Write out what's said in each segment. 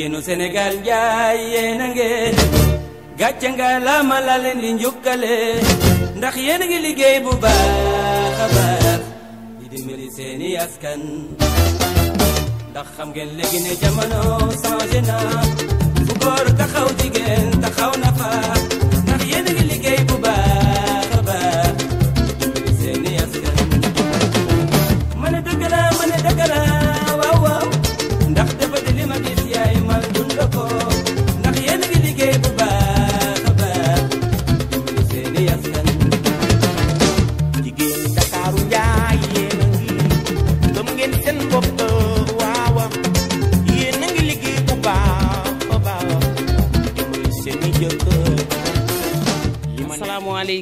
jigéenu Sénégal njaay yéen a ngeen gàcce nga laama la ndax yéen a ngi liggéey bu baax a baax di dimbali seeni askan ndax xam ngeen léegi ne jamono changé taxaw jigéen taxaw na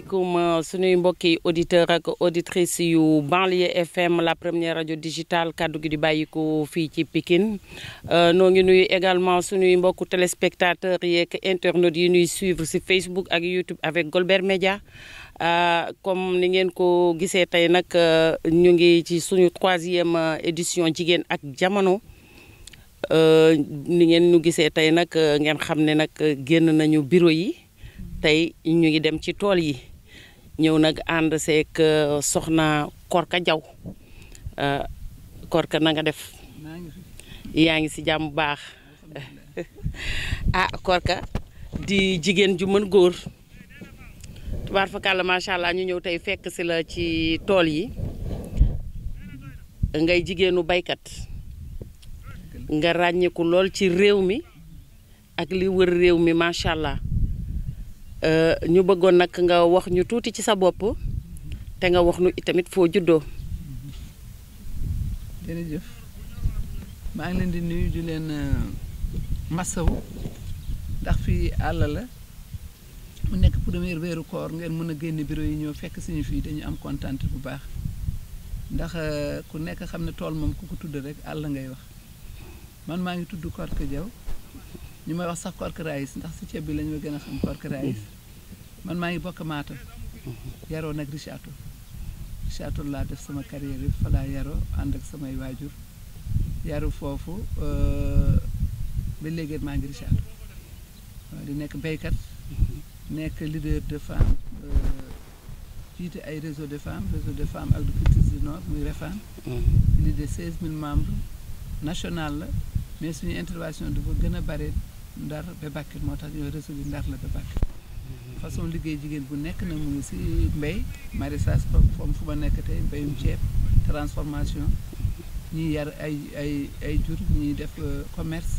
Comme euh, sunuy mbokki auditeurs ak auditrices yu banlieue FM la première radio digitale kaddu gi di bayiko fi ci euh, également des mbokku téléspectateurs des internautes qui nous suivre sur Facebook et YouTube avec Golbert Média euh, comme ni ngeen ko troisième édition jigen ak jamono ni nous ñu gisé tay nak ngeen xamné nak bureau yi ñu ngi dem ci ñew nag and seeg euh, soxna Korka Jaw euh, Korka na nga def yaangi ngi si jàmm baax ah Korka di jigen ju mën gor tubaar fakàlla macha allah ñu ñew tay fekk ci la ci tol yi ngay jigenu baykat nga ràññeeku lol ci rewmi ak li wër rewmi machallah Euh, ñu bëggoon nag nga wax ñu tuuti ci sa bopp te nga wax nu itamit foo juddoo. jërëjëf maa ngi leen di nuyu di leen euh, massaw ndax fii àll la mu nekk premier weeru koor ngeen mën a génne bureau yi ñoo fekk suñu fii dañu am kontaan bu baax ndax euh, ku nekk xam ne tool moom ku ko tudd rek àll ngay wax man maa ngi tudd Korka ñu may wax sax Korka Raïs ndax si ceeb bi la ñu gën a xam Korka Raïs man maa ngi bokk Matam mhm. yaroo nag Richard-Toll richard laa def sama carrière yi fa yaroo ànd ak samay waajur yaru foofu euh, ba léegi maa ngi Richard-Toll waaw di nekk béykat mhm. nekk leader de femme euh, jiite ay réseau de femmes réseau de femmes agricultrices du nord muy Refane plus mhm. de 16000 membre national la mais suñu intervention du dafa gën a bare ndar ba Bakel moo tax ñooy réseau bi ndar la ba Bakel façon liggéey jigéen bu nekk na mu ngi si mbéy maraîchage comme fu ma nekk tey mbéyum ceeb transformation ñuy yar ay ay ay jur ñuy def euh, commerce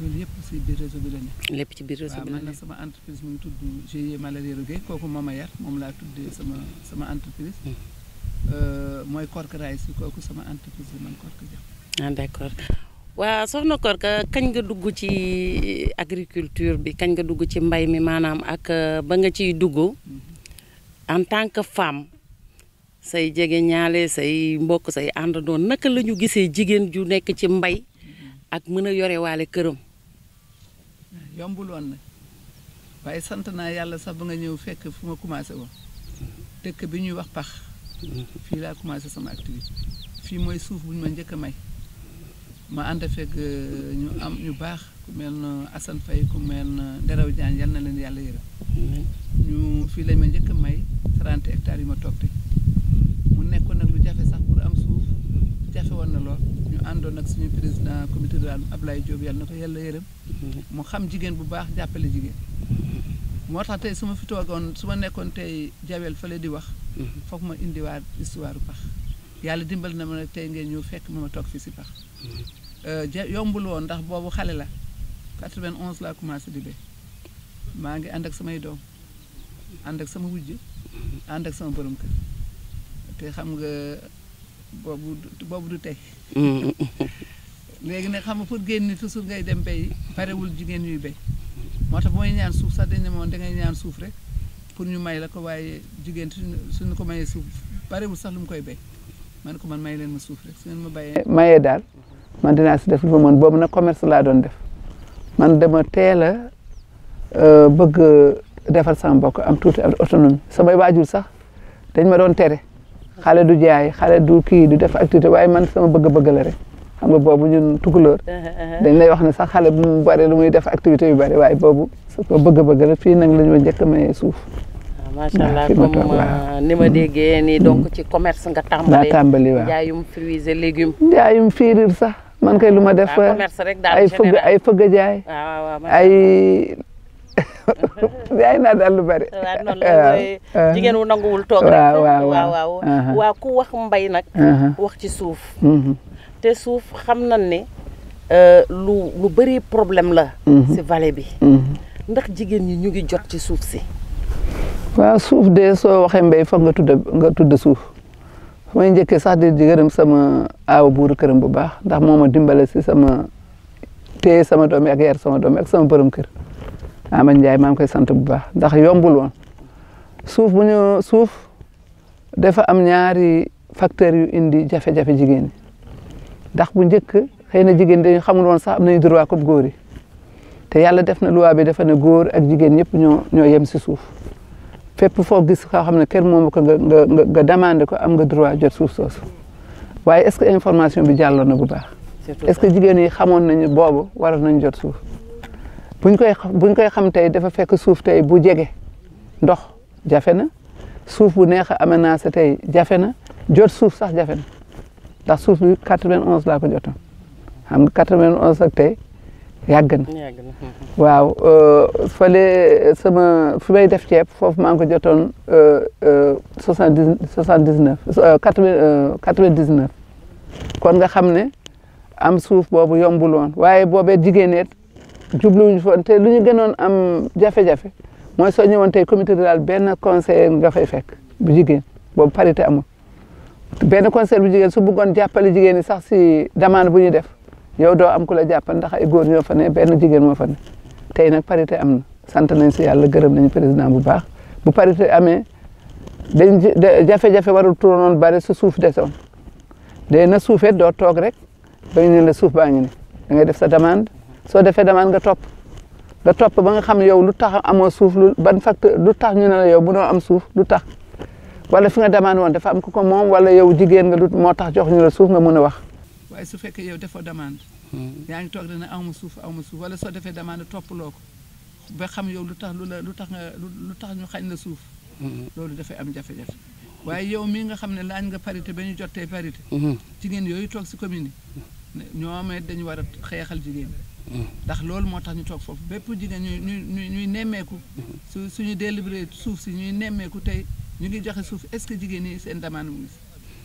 loolu yëpp si biir réseau bi la nekk. lépp ci biir réseau bi la nekk waaw man nag sama entreprise mu ngi tudd GIE Malheureux Guèye kooku moo ma yar moom laa tuddee sama sama entreprise. Hmm. Euh, mooy Cork Rice kooku sama entreprise la man Cork waaw soxna Korka kañ nga dugg ci agriculture bi kañ nga dugg ci mbay mi maanaam ak euh, ba nga ciy dugg en tant que femme say jege ñaale say mbokk say àndandoo naka lañu gisee jigéen ju nekk ci mbay ak mën a yore waale këram. yombul woon na waaye sant naa yàlla sax ba nga ñëw fekk fu ma commencé woon dëkk bi ñuy wax pax. Mm-hmm. fii laa commencé sama activité fii mooy suuf bu ñu ma njëkk a may. ma ànd fekk euh, ñu am ñu baax ku mel ne Assane Faye ku mel ne Nderaw Diagne yal na leen yàlla yërëm ñu fii lañ ma njëkk a may trante hectares yu ma toog te mu nekkoon nag lu jafe sax am suuf jafe woon na lool ñu àndoon nag suñu président comité rural Ablaye Diop yàlla na ko yàlla yërëm mu xam jigéen bu baax jàppale jigéen moo tax tey su ma fi toogoon su ma nekkoon tey jawel fële di wax foog ma indiwaat histoire bu baax yàlla dimbali na ma nag tey ngeen ñëw fekk ma ma toog fi si pax mm-hmm. euh, yombul woon ndax boobu xale la 91 laa commencé di bay maa ngi ànd ak samay doom ànd ak sama wujj mm-hmm. ànd ak sama borom kër te xam nga boobu du tey mm-hmm. léegi nag xam nga pour génn su ngay dem bay barewul jigéen ñuy bay moo tax mooy ñaan suuf sax dañ ne moom dangay ñaan suuf rek pour ñu may la ko waaye jigéen su suñu ko mayee suuf barewul sax lu mu koy bay man ko man may leen ma suuf rek ma bayee. mayee daal man dinaa def lu ma mën boobu nag commerce laa doon def man ma teel a euh, bëgg defar sama bopp am tuuti autonomie samay waajur sax dañ ma doon tere xale du jaay xale du kii du def activité waaye man sama bëgg-bëgg la rek xam nga boobu ñun tukulóor dañ lay wax ne sax xale bu mu bari lu muy def activité yu bari waaye boobu sa bëgg-bëgg la fii la ñu ma njëkk a mayee suuf. macha allah comme euh, ni ma déggee nii donc ci commerce nga. tàmbali tàmbali waaw jaayum fruits et légumes. jaayum firir sax man kay lu ma def. Ah, commerce rek daal ay fëgg ay fëgg jaay. Ah, ay jaay naa daal lu bari. waaw noonu la jigéen wu nanguwul toog rek. waaw waaw waaw ku wax mbay nag. wax ci suuf. Mm-hmm. te suuf xam na ne euh, lu lu bëri problème la. si mm-hmm. vallée bi. Mm-hmm. ndax jigéen ñi ñu ngi jot ci suuf si. waaw suuf de soo waxee mbéy foog nga tudd nga tudd suuf may njëkkee sax di gërëm sama aaw buuru këram bu baax ndax moo ma dimbale si sama téye sama doom yi ak sama doom yi ak sama borom kër Ama Ndiaye maa ngi koy sant bu baax ndax yombul woon suuf bu ñu suuf dafa am ñaari facteurs yu indi jafe-jafe jigéen ndax bu njëkk xëy na jigéen dañu xamul woon sax na nañu droit comme góor yi te yàlla def na loi bi dafa ne góor ak jigéen ñëpp ñoo ñoo yem si suuf. fépp foo gis koo xam ne kenn moomu ko nga nga nga demandé ko am nga droit jot suuf soosu waaye est-ce que information bi jàlloon na bu baax. est-ce que jigéen yi xamoon nañu boobu waroon nañ jot suuf buñ koy buñ koy xam tey dafa fekk suuf tey bu jege ndox jafe na suuf bu neex a aménagé tey jafe na jot suuf sax jafe na ndax suuf bi 91 laa ko jotoon xam nga 91 ak tey. yàgg na waaw euh, fële sama fi may def ceeb foofu maa ngi ko jotoon euh, euh, soixante dix soixante dix neuf quatre vingt dix neuf kon nga xam ne am suuf boobu yombul woon waaye boobee jigéen it jubluwuñu foon te lu ñu gënoon am jafe-jafe mooy soo ñëwoon tey comité rural benn conseiller nga fay fekk bu jigéen boobu parité amul benn conseiller bu jigéen su bëggoon jàppale jigéen ñi sax si demande bu ñu def yow doo am ku la jàppal ndax ay góor ñoo fa ne benn jigéen moo fa ne tey nag parité am na sant nañ si yàlla gërëm nañ président bu baax bu parité amee dañ jafe-jafe warul turonoon bari su suuf desoon de na suufee doo toog rek ba ñu la suuf baa ngi da ngay def sa demande soo defee demande nga topp nga topp ba nga xam yow lu tax amoo suuf lu ban facteur lu tax ñu ne la bu mënoo am suuf lu tax wala fi nga demande woon dafa am ko ko moom wala yow jigéen nga moo tax jox ñu suuf nga mën a wax waaye su fekkee yow defoo demande. Hmm. yaa ngi toog dana aw ma suuf aw ma suuf wala soo defee demande toppaloo ko ba xam yow lu tax lu la lu tax nga lu tax ñu xañ la suuf. Hmm. loolu dafay am jafe-jafe. waaye yow mii nga xam ne laañ nga parité ba ñu jotee parité. Hmm. jigéen yooyu toog si commune yi. ñoomee dañu war a xeexal jigéen. ndax loolu moo tax ñu toog foofu bépp jigéen ñuy ñuy ñuy nemmeeku. su suñu délibéré suuf si ñuy nemmeeku tey ñu ngi joxe suuf est-ce que jigéen yi seen demande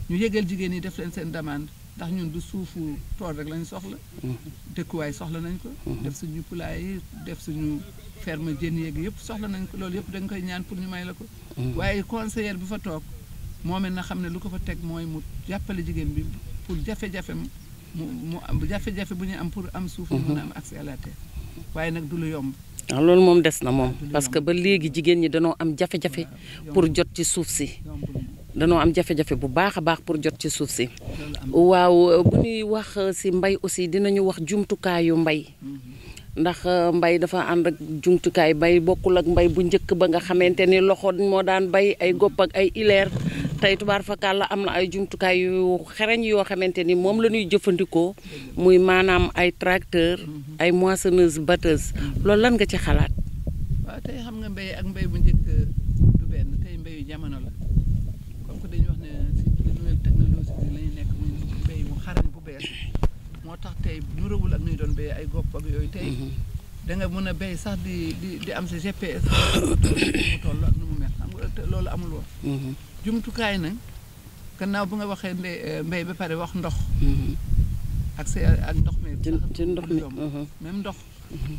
ñu yëgal jigéen yi def leen seen demande. ndax ñun du suufu tool rek lañ soxla. Mm. dëkkuwaay soxla nañ ko. Mm-hmm. def suñu poulailler def suñu ferme jën yéeg yëpp soxla nañ ko loolu yëpp dañ koy ñaan pour ñu may la ko. Mm-hmm. waaye conseillère bi fa toog moom it na xam ne lu ko fa teg mooy mu jàppale jigéen bi pour jafe-jafe mu mu jafe-jafe bu ñu am pour am suuf. mën mm-hmm. a am accès à waaye nag du la yomb. waaw ah, loolu moom des na moom parce que ba léegi jigéen ñi danoo am jafe-jafe pour jot ci suuf si. dañu am jafe-jafe bu baaxa baax pour jot ci souf ci waaw bu ñuy wax ci euh, mbay aussi dinañu wax jumtukaayu mbay ndax euh, mbay dafa and ak jumtukaay bay bokul ak mbay bu njëkk ba nga xamanteni ni loxo mo daan bay ay gop ak ay hilaire tay tubar fakal la ay jumtukaay yu xereñ yoo xamanteni ni moom la ñuy muy manam ay tracteur ay moissonneuse batteuse lool lan nga ci xalaat wa tay xam nga mbay ak mbay bu tey nuróowul ak nuy doon béyee ay gopp ak yooyu tey mhm. danga mën a béy sax di di am sa GPS mu toll ak nu mu mel xam nga loolu amul woon mhm. jumtukaay nag kannaaw bu nga waxee eh, mbéy ba pare wax ndox mhm. ak sa ak ndox mi ci ndox mi même ndox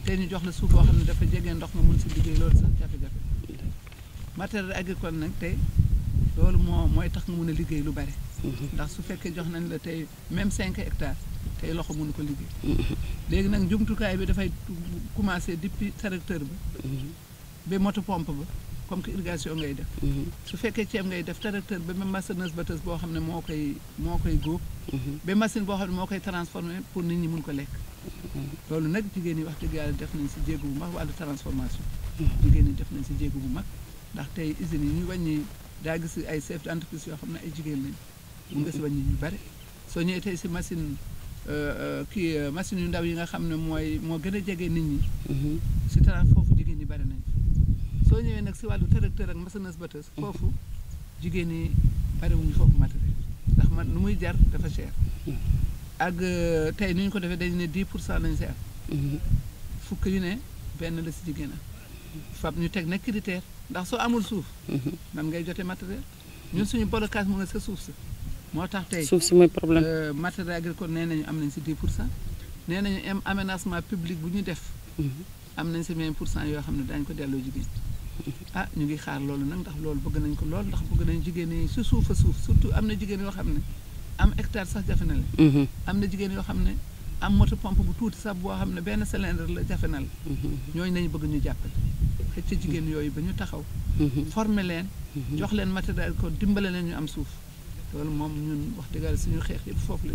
tey ñu jox la suuf boo xam ne dafa jege ndox ma mun si liggéey loolu sax jafe-jafe matériel agricole nag tey loolu moo mooy tax nga mun a liggéey lu bare ndax su fekkee jox nañ la tey même cinq hectares tey loxo mënu ko liggéey léegi nag jumtukaay bi dafay commencé depuis tracteur bi ba moto pompe ba comme que irrigation ngay def su fekkee ceeb ngay def tracteur ba ba machineuse batteuse boo xam ne moo koy moo koy góob ba machine boo xam ne moo koy transformé pour nit ñi mun ko lekk loolu nag jigéen ñi wax dëgg yàlla def nañ si jéego bu mag wàllu transformation jigéen ñi def nañ si jéego bu mag ndax tey usines yi ñu wàññi daa gis ay chef d'entreprise yoo xam ne ay jigéen lañ mun nga si wàññi ñu bare soo ñëwee tey si machine euh, euh, kii euh, machine yu ndaw yi nga xam ne mooy moo gën a jege nit ñi si mhm. tara foofu jigéen ñi bare nañ soo ñëwee nag si wàllu tracteur ak machineuse batteuse mhm. foofu jigéen ñi bare wuñu foofu ndax man muy jar dafa cher mhm. ak tey ni ko defee dañu ne pour cent lañ si am fukk yu ne benn la si jigéen am fab ñu teg nag critère ndax soo amul suuf man ngay jote matériel ñun suñu bolokaas mu nga sa suuf si moo tax tey suuf si mooy problème euh, matériel agricole nee nañu am nañ si 10 pour cent nee nañu am aménagement public bu ñu def. Mhm. am nañ si 20 pour cent yoo xam ne dañ ko delloo jigéen mhm. ah ñu ngi xaar loolu nag ndax loolu bëgg nañ ko lool ndax bëgg nañ jigéen ñi su suuf suuf surtout am na jigéen yoo xam ne am hectare sax jafe na la. Mhm. am na jigéen yoo xam ne am moto pompe bu tuuti sax boo xam ne benn cylindre la jafe na nañu bëgg ñu jàppale. xëcc jigéen yooyu ba ñu taxaw. former leen. jox leen matériel agricole dimbale leen ñu am suuf. loolu moom wax dëgg suñu xeex yëpp foofu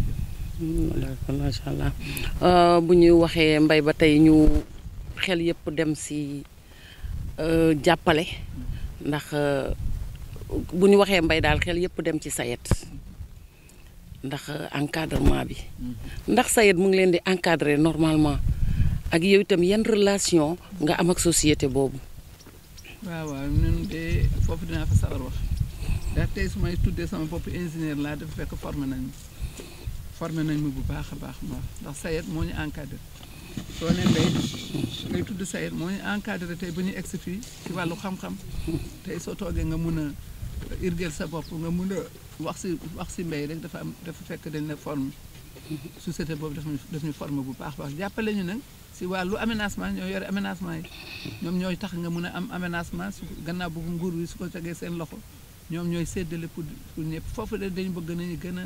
euh, bu ñuy waxee mbay ba tey ñu xel yëpp dem si euh, jàppale ndax euh, bu ñu waxee mbay daal xel yëpp dem ci sayet ndax encadrement bi ndax sayet mu ngi leen di encadrer normalement ak yow itam yan relation nga am ak société boobu. waaw waaw ñun de foofu dinaa fa sawar wax. ndax tey su may tuddee sama bopp ingénieur laa dafa fekk formé nañ ma formé nañ mi bu baax a baax ma ndax sayet moo ñu encadré soo ne mbay ngay tudd sayet moo ñu tey ba ñu egsi fii ci wàllu xam-xam soo toogee nga mun a irgel sa bopp nga mun a wax si wax si mbay rek dafa am dafa fekk dañ la forme société boobu daf ñu ñu forme bu baax baax jàppale ñu nag si wàllu aménagement ñoo yore aménagement yi ñoom ñooy tax nga mun a am aménagement su gannaaw bu nguur yi su ko tegee seen loxo ñoom ñooy séddale pour pour ñëpp foofu la dañu bëgg nañu gën a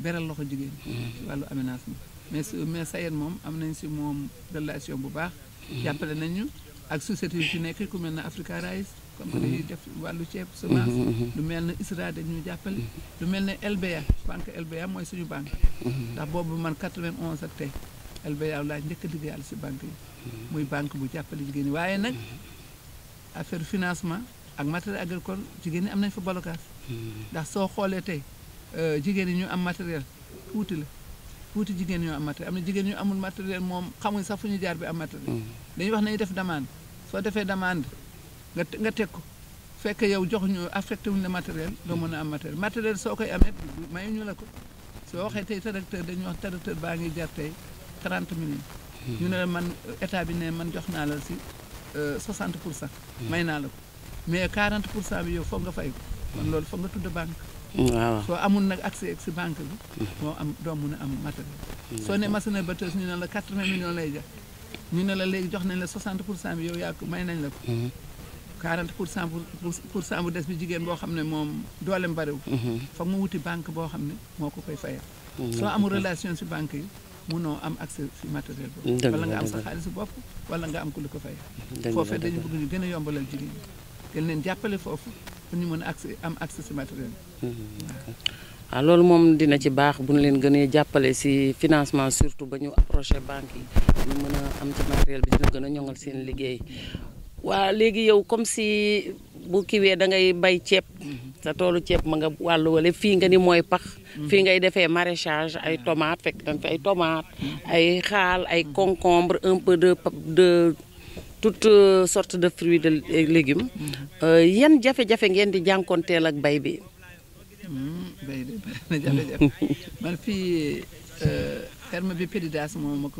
beral loxo jigéen ci mm-hmm. wàllu aménagement mais su mais moom am nañ si moom relation bu baax mm-hmm. jàppale nañu ak société yu ci nekk ku mel na Africa Rice comme mm-hmm. def wàllu ceeb semence lu mel na ISRA dañuy jàppale lu mel ne LBA banque LBA mooy suñu banque ndax boobu man 91 ak tey LBA laa njëkk a si banque yi muy banque bu jàppale jigéen ñi waaye nag affaire financement ak matériel agricole jigéen ñi am nañ fa bolokaas hmm. ndax soo xoolee tey euh, jigéen ñi ñu am matériel tuuti la tuuti jigéen ñu am matériel am na jigéen ñu amul matériel moom xamuñ sax fu ñu jaar bi am matériel hmm. dañuy wax nañu def demande soo defee demande nga nga teg ko fekk yow jox ñu affecté wuñ la matériel doo mën a am matériel matériel soo koy amee mayu ñu la ko soo waxee tey tracteur dañuy wax tracteur baa ngi jar trente millions hmm. ñu ne la man état bi ne man jox naa la si euh, soixante pour cent may naa la ko mais quarante pour cent bi yow foog nga fay loolu foog nga tudd banque. waaw soo amul nag accès si banque bi. am doo mun a am matériel. soo ne machine batteuse ñu ne la 80 millions lay jox ñu ne la léegi jox nañ la 60 pour cent bi yow yaa ko may nañ la ko. 40 mhm. pour cent pour cent bu des jigéen boo xam ne moom dooleem bariwul. Mhm. foog mu wuti banque boo xam ne moo ko koy fayal. Mhm. soo amul relation si banque yi. munoo am accès si matériel boobu. wala nga am sa bopp wala nga am ku lu ko fay. foofee dañu bëgg ñu gën a yombalal jigéen dañ leen jàppale foofu pour ñu mën a accès am accès si matériel bi. Hmm, ah, loolu moom dina ci baax bu ñu leen gënee jàppale si financement surtout ba ñu approché banque yi ñu mën a am ci matériel bi dina gën a ñoŋal seen liggéey. waa léegi yow comme si bu kiwee da ngay bay ceeb sa toolu ceeb ma nga wàllu wale fii nga ni mooy pax fii ngay defee maraîchage ay tomate fekk nañ fi ay tomate ay xaal ay concombre un peu de de toute euh, sorte de fruits de légumes euh, yan jafe-jafe ngeen di jànkonteel ak bay bi. Hmm, bay bi jafe-jafe man fii euh, ferme bi PDIDAS moom ma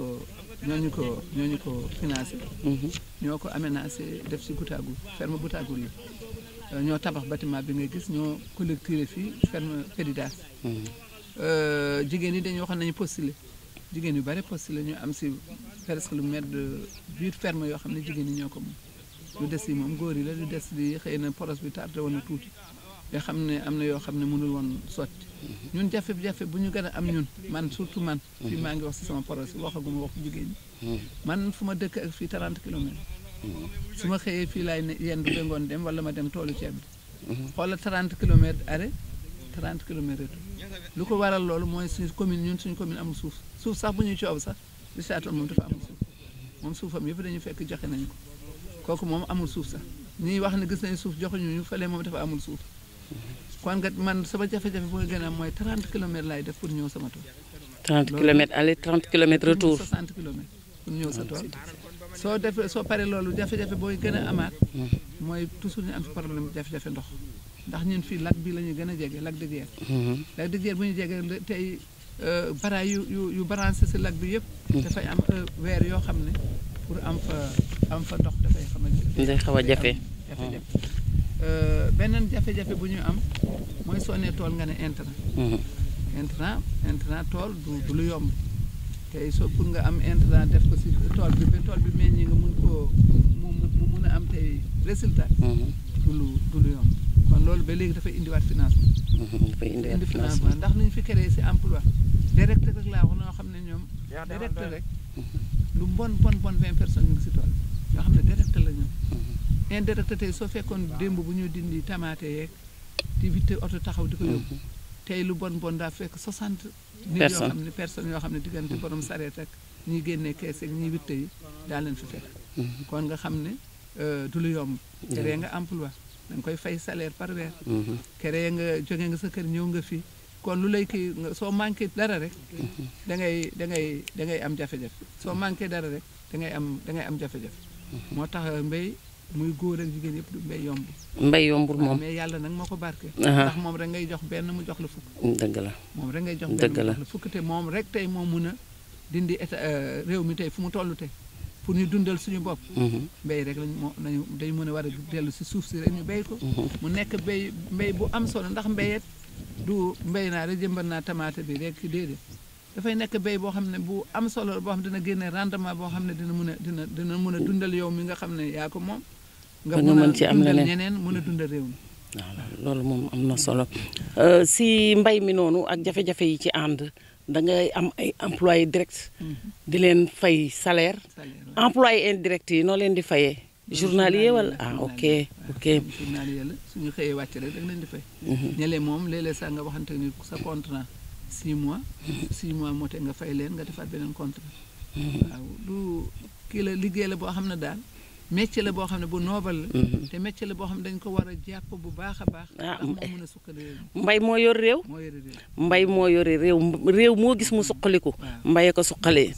ñooñu ko ñooñu ko financé. Mhm. ñoo ko aménagé def si goutte à goutte ferme goutte à ñoo tabax bâtiment bi nga gis ñoo collecté fi ferme PDIDAS. Mhm. jigéen ñi dañoo xam nañu postulé. jigéen yu bari poste la ñu am si presque lu de huit ferme yoo xam ne jigéen ñi ñoo ko moom lu des yi moom góor yi la des di xëy na poros bi tardé woon na tuuti yoo xam ne am na yoo xam ne mënul woon sot ñun jafe-jafe bu ñu gën a am ñun man surtout man fii mhm. maa ngi wax si sama poros waxaguma wax jigéen ñi mhm. man fu ma dëkk ak fii 30 kilomètres mhm. su ma xëyee fii laay yendu ba ngoon dem wala ma dem toolu ceeb bi xoola 30 kilomètres arrêt 30 kilomètres retour lu suuf suuf sax bu ñuy fekk joxe nañ ko kooku moom amul suuf sax ñuy wax ne gis nañ suuf joxuñu ñu fële moom dafa amul suuf kon nga man sama jafe-jafe boo gën a am mooy 30 kilomètres laay def pour ñëw sama tool. 30 kilomètres aller 30 kilomètres retour 60 kilomètres pour ñëw sa tool. soo defee soo paree loolu jafe-jafe booy gën a amaat. Hmm. mooy toujours ñu am problème jafe-jafe ndox. ndax ñun fii lac bi la ñuy gën a jege lag de Guiers. Hmm. lac de jege tey Euh, baraay yu yu yu branché si lag bi yëpp. dafay am euh, weer yoo xam ne pour am fa am fa ndox dafay xamante ne. day xaw a jafe jafe euh, beneen jafe-jafe bu ñu am mooy soo nee tool nga ne intrant. Mhm. intrant intrant tool du du lu yomb tey soo pour nga am intrant def ko si tool bi ba tool bi meññi nga mun koo mu mu mun a am tey résultat. Mhm. du lu du lu yomb kon loolu ba léegi dafay indiwaat financement. Mhm. dafay indiwaat financement ndax nu ñu fi créé si emploi. direct rek laa wax ñoo xam ne ñoom. direct rek lu bon bon bon vingt personnes ñu ngi si tool ñoo xam ne direct la ñoom. Mhm. indirect tey soo fekkoon démb bu ñu dindi tamaate yeeg di witte oto taxaw di ko yóbbu. Mhm. tey lu bon bon daa fekk soixante. nit yoo xam ne personnes yoo xam ne diggante borom sareet ak ñi génnee kees ak ñi witte yi daa leen fi fekk. Mhm. kon nga xam ne euh, du lu yomb. créé nga emploi da koy fay salaire par weer. créé nga joge nga sa kër ñëw nga fi. kon lu lay kii soo manqué dara rek da ngay da ngay da ngay am jafe-jafe soo manqué dara rek da ngay am da ngay am jafe-jafe moo tax mbéy muy góor ak jigéen yëpp du mbéy yombul mbéy yombul moom mais yàlla nag moo ko barke ndax moom rek ngay jox benn mu jox la fukk dëgg la moom rek ngay jox benn mu jox la fukk te moom rek tey moom mun a dindi état euh, réew mi tey fu mu toll tey pour ñu dundal suñu bopp mhm. mbéy rek lañ moo nañu dañ mën a war a dellu si suuf si rek ñu béy mhm. mu nekk béy mbéy bu am solo ndax mbéyet du mbéy naa rek jëmbal naa tamaate bi rek déedéet dafay nekk béy boo xam ne bu am solo boo xam dina génne rendement boo xam ne dina mën a dina dina mën a dundal yow mi nga xam ne yaa ko moom. nga mën ci am leneen ñeneen mën a loolu moom am na solo euh, si mbay mi noonu ak jafe-jafe yi ci ànd da ngay am ay employé direct. Mhm. di leen fay salaire. employé indirect yi noo leen di fayee. journalier wala ah ok ok. journalier la su ñu xëyee wàcc rek da nga leen di fay. ñële mhm. moom léeg-léeg nga waxante ni sa contrant 6 mois. 6 mhm. mois moo te nga fay leen nga defaat beneen contrat. Mhm. waaw du kii la liggéey la boo xam ne daal. métier la boo xam ne bu noobal la. Mhm. te métier la boo xam ne dañ ko war a jàpp bu baax a baax. ah mbay moo yor réew. mbay moo yore réew réew moo gis mu suqaliku. mbaye ko suqalee.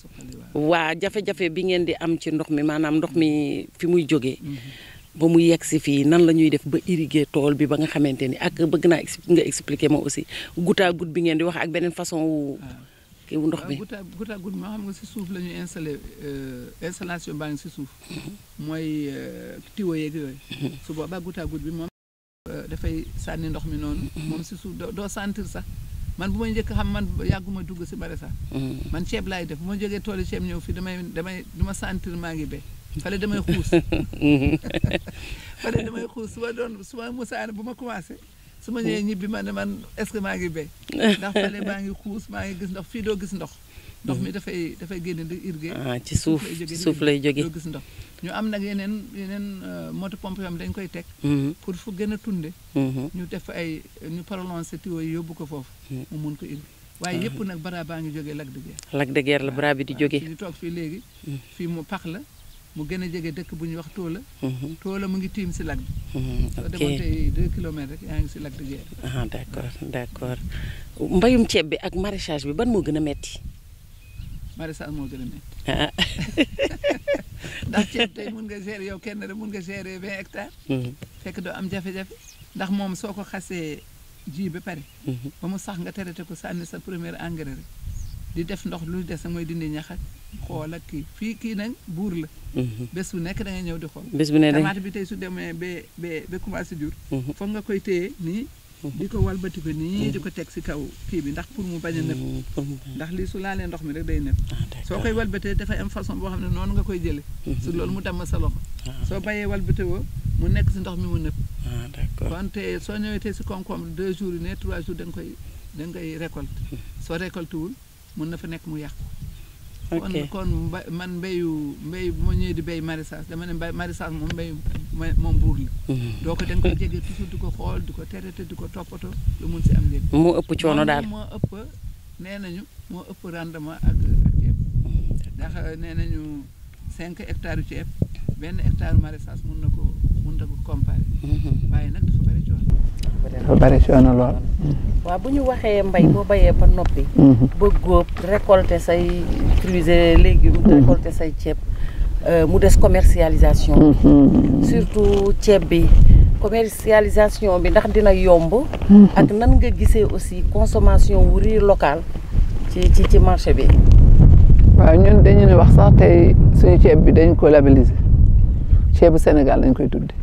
waa jafe-jafe bi ngeen di am ci ndox mi maanaam ndox mi fi muy jóge mhm. ba mu yegg si fii nan la ñuy def ba irriguer tool bi ba nga xamante ni ak bëgg naa nga expliquer ma aussi goutte à bi ngeen di wax ak beneen façon wu. kii bu ndox bi goutte à goutte moo xam nga si suuf la ñuy installé euh, installation baa ngi si suuf mooy euh, tiwo yeeg yooyu su boobaa goutte à bi moom euh, dafay sànni ndox mi noonu moom si suuf doo sentir sax man bu may njëkk xam man yàgguma dugg si bare sax man ceeb laay def moo ma jógee tooli ceeb ñëw fii damay damay du ma sentir maa ngi bay fale damay xuus fale damay xuus su ma doon su ma musaane bu ma commencé su ma ñëwee ñibbi ma ne man est-ce que maa ngi béy ndax fale maa ngi xuus maa ngi gis ndox fii doo gis ndox ndox mi mm-hmm. dafay dafay génn di irriguer ah, ci suuf ci suuf lay jóge gis ndox ñu am nag yeneen yeneen euh, moto pompe yoo dañ koy teg mm-hmm. pour fu gën a tunde mm-hmm. ñu def ay ñu prolonger tuyau yi yóbbu ko foofu mu mun ko irriguer ah. waaye yëpp nag bara baa ngi jógee lag de Guiers Lac de Guiers la bara bi di jógee ñu toog fii léegi fii mu pax la mu gën a jege dëkk bu ñuy wax Toola. Mhm. Toola mu ngi tiim si lag bi. Mhm, ok soo demoon tey deux kilomètres rek yaa ngi si lag bi jeex. ah d' accord mbayum ceeb bi ak maraîchage bi ban moo gën a metti. maraîchage moo gën a metti. Ah. ndax ceeb tey mun nga gérer yow kenn rek mun nga gérer vingt hectares. Mhm. fekk doo am jafe-jafe ndax moom soo ko xasee ji ba pare. ba mu sax nga traité ko sànni sa première engrais rek. di def ndox lu des mooy dindi ñax ak xool ak kii fii kii nag buur la. Mhm. bés bu nekk dangay nga ñëw di xool. bés ne tamaate bi tey su demee ba ba ba commencé jur. Mhm. foog nga koy téye nii. Mhm. di ko walbati ko nii di ko teg si kaw kii bi ndax pour mu bañ a nëb. ndax lii su laalee ndox mi rek day nëb. Ah, soo koy walbatee dafay am façon boo xam ne noonu nga koy jëlee. loolu mu damm sa loxo. Ah, soo bàyyee walbate woo mu nekk si ndox mi mu nëb. Ah, wante soo ñëwee tey si concombre deux jours yi ne trois jours da nga koy da nga soo récolte wul. mun na fa nekk mu yàqu. ok kon man mbéyu mbéy bu ma ñëwee di béy maraîchage dama ne mbéy maraîchage moom mbéyu moom buur yi mhm. doo ko da nga ko jege toujours di ko xool di ko traité di ko toppatoo lu mun si am lépp. moo ëpp coono daal moo ëpp nee nañu moo ëpp rendement ak ak mhm. ndax nee nañu cinq hectares yu ceeb. benn hectare maraîchage mun na ko mun na ko comparer. Mhm. waaye nag dafa bari coono. dafa bari coono lool. Mhm. waaw bu ñu waxee mbay boo bayee ba noppi. Mhm. ba góob récolter say fruits et légumes. récolter say ceeb euh, mu des commercialisation. surtout ceeb bi. commercialisation bi ndax dina yomb. ak nan nga gisee aussi consommation wu riz local ci ci ci marché bi. waaw ñun dañu ne wax sax tey suñu ceeb bi dañ ko labelliser. ceebu Sénégal lañ koy tudde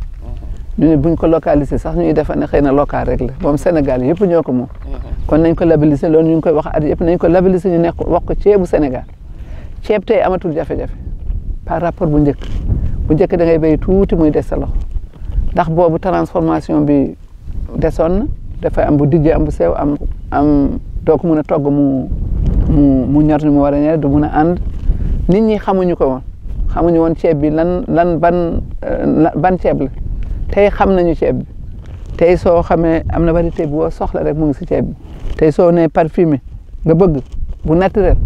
ñu ne buñ ko localisé sax ñuy defa ne xëy na local rek la moom Sénégal yëpp ñoo ko moom kon nañ ko labellisé loon ñu ngi koy wax at yëpp nañ ko labellisé ñu nekk wax ko ceebu Sénégal ceeb tey amatul jafe-jafe par rapport bu njëkk bu njëkk da ngay béy tuuti muy des sa loxo boobu transformation bi desoon na dafay am bu dijjee am bu sew am am doo ko mun a togg mu mu mu ñor ni mu du mun a ànd nit ñi xamuñu ko woon xamuñu woon ceeb bi lan lan ban euh, ban ceeb la tey xam nañu ceeb te tey soo xamee am na variété boo soxla rek mu ngi si ceeb bi tey soo nee parfumé nga bëgg bu naturel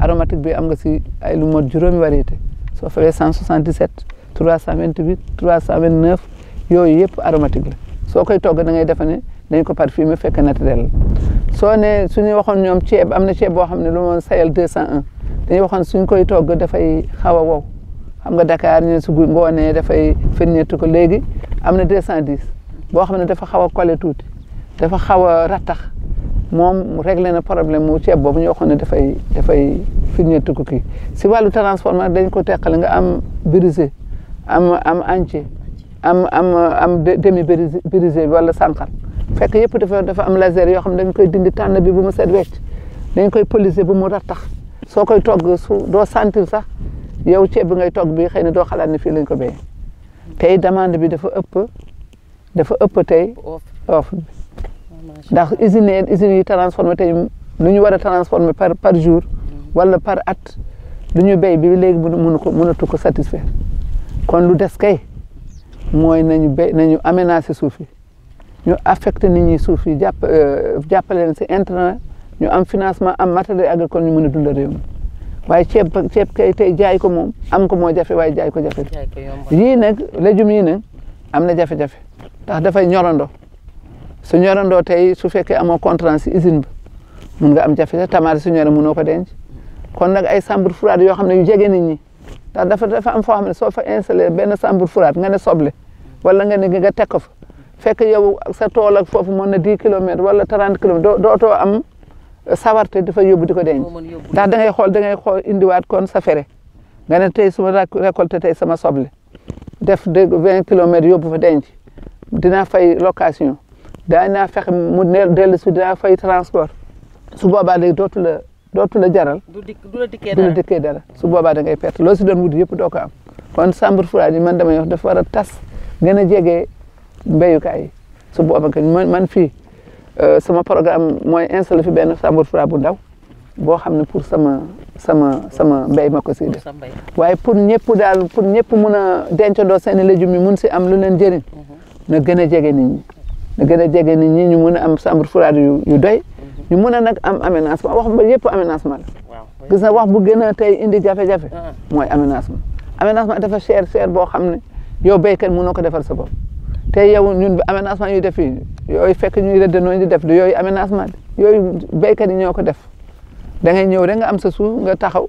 aromatique bi am nga si ay lu mot juróomi variété soo fawee 177 328 329 yooyu yëpp aromatique la soo koy togg da ngay defe ne dañ ko parfumé fekk naturel la soo ne suñu waxoon ñoom ceeb am na ceeb boo xam ne lu moon sayal 201 dañuy waxoon suñ koy togg dafay xaw a wow xam nga Dakar ñu ne su ngoonee dafay ferñeetu ko léegi am na 210 boo xam ne dafa xaw a collé tuuti dafa xaw a rattax moom regle na problème mu ceeb boobu ñu waxoon ne dafay dafay ferñeetu ko kii si wàllu transformation dañ ko teqale nga am brisé am am entier am am am demi brisé wala sànqal fekk yëpp dafa dafa am laser yoo xam ne dañ koy dindi tànn bi bu mu set wet dañ koy poliser bu mu rattax soo koy togg su doo sentir sax. yow ceeb bi ngay togg bi xëy na doo xalaat ne fii lañ ko béyee tey demande bi dafa ëpp dafa ëpp tey offre bi oh, ndax usine usines yi transformé tey lu ñu war a transformé par par jour mm. wala par at lu ñu béy bi léegi mënu ko mënatu ko satisfaire kon lu des kay mooy nañu béy nañu aménager suuf yi ñu affecté nit ñi suuf yi jàpp euh, jàppale si intrant ñu am financement am matériel agricole ñu mën a dundal réew mi waaye ceeb ceeb tey tey jaay ko moom am ko moo jafe waaye jaay ko jafe yii nag légumes yii nag am na jafe-jafe ndax dafay ñorandoo su ñorandoo tey su fekkee amoo contrat si usine bi mun nga am jafe-jafe tamaate su ñoree mënoo ko denc kon nag ay chambre froide yoo xam ne yu jege nit ñi ndax dafa dafa am foo xam ne soo fa installé benn chambre froide nga ne soble wala nga ne nga teg ko fa fekk yow sa tool ak foofu mën na di kilomètres wala trente kilomètres doo dootoo am sawarte dafa yobbu diko ko da da ngay xol da ngay indi wat kon sa féré nga ne tey suma récolte tay sama soble def 20 km yobbu fa denc dina fay location dinaa fex mu dellu su dinaa fay transport su boba lay dootu la dootu la jaral du dik du la dikkee dara su boba da ngay perte lo ci don wut yëpp do ko am kon sambur fourage man damay wax dafa war a tas gën a jege mbéyukaay yi su boba man fi Euh, sama programme mooy installé fi benn chambre froide bu ndaw boo xam ne pour sama sama sama mbéy ma ko si def waaye pour ñëpp daal pour ñëpp mun a dencandoo seen i légumes yi mun si am lu leen jëriñ mhm. na gën a jege nit na gën a jege nit ñi ñu mun a am chambre froide yu yu doy mhm. ñu mun a nag am aménagement wax ba yëpp aménagement la gis na wax bu gën a tey indi jafe-jafe ah. mooy aménagement aménagement dafa cher cher boo xam ne yow béykat mënoo ko defar sa bopp te yow ñun aménagement ñuy def fii yooyu fekk ñuy rëdd noonu di def du yooyu aménagement yooyu béykat yi ñoo ko def da ngay ñëw rek nga am sa suuf nga taxaw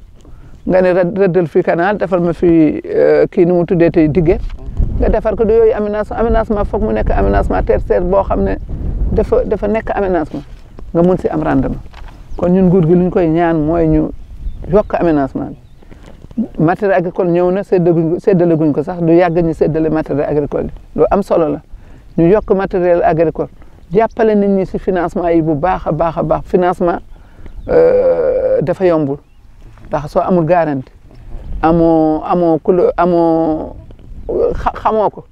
nga ne rëddal fii canal defal ma fii euh, kii nu mu tuddee tey digge nga defar ko du yooyu aménagement aménagement foog mu nekk aménagement terre-terre boo xam ne dafa dafa nekk aménagement nga mun si am rendement kon ñun nguur gi lu ñu koy ñaan mooy ñu yokk aménagement bi matériel agricole ñëw na séddaleguñ séddaleguñ ko sax du yàgg ñu séddale matériel agricole lu am solo la ñu yokk matériel agricole jàppale nit ñi si financement yi bu baax a baax a baax financement euh, dafa yombul ndax soo amul garantie amu amoo kulo amoo xamoo ko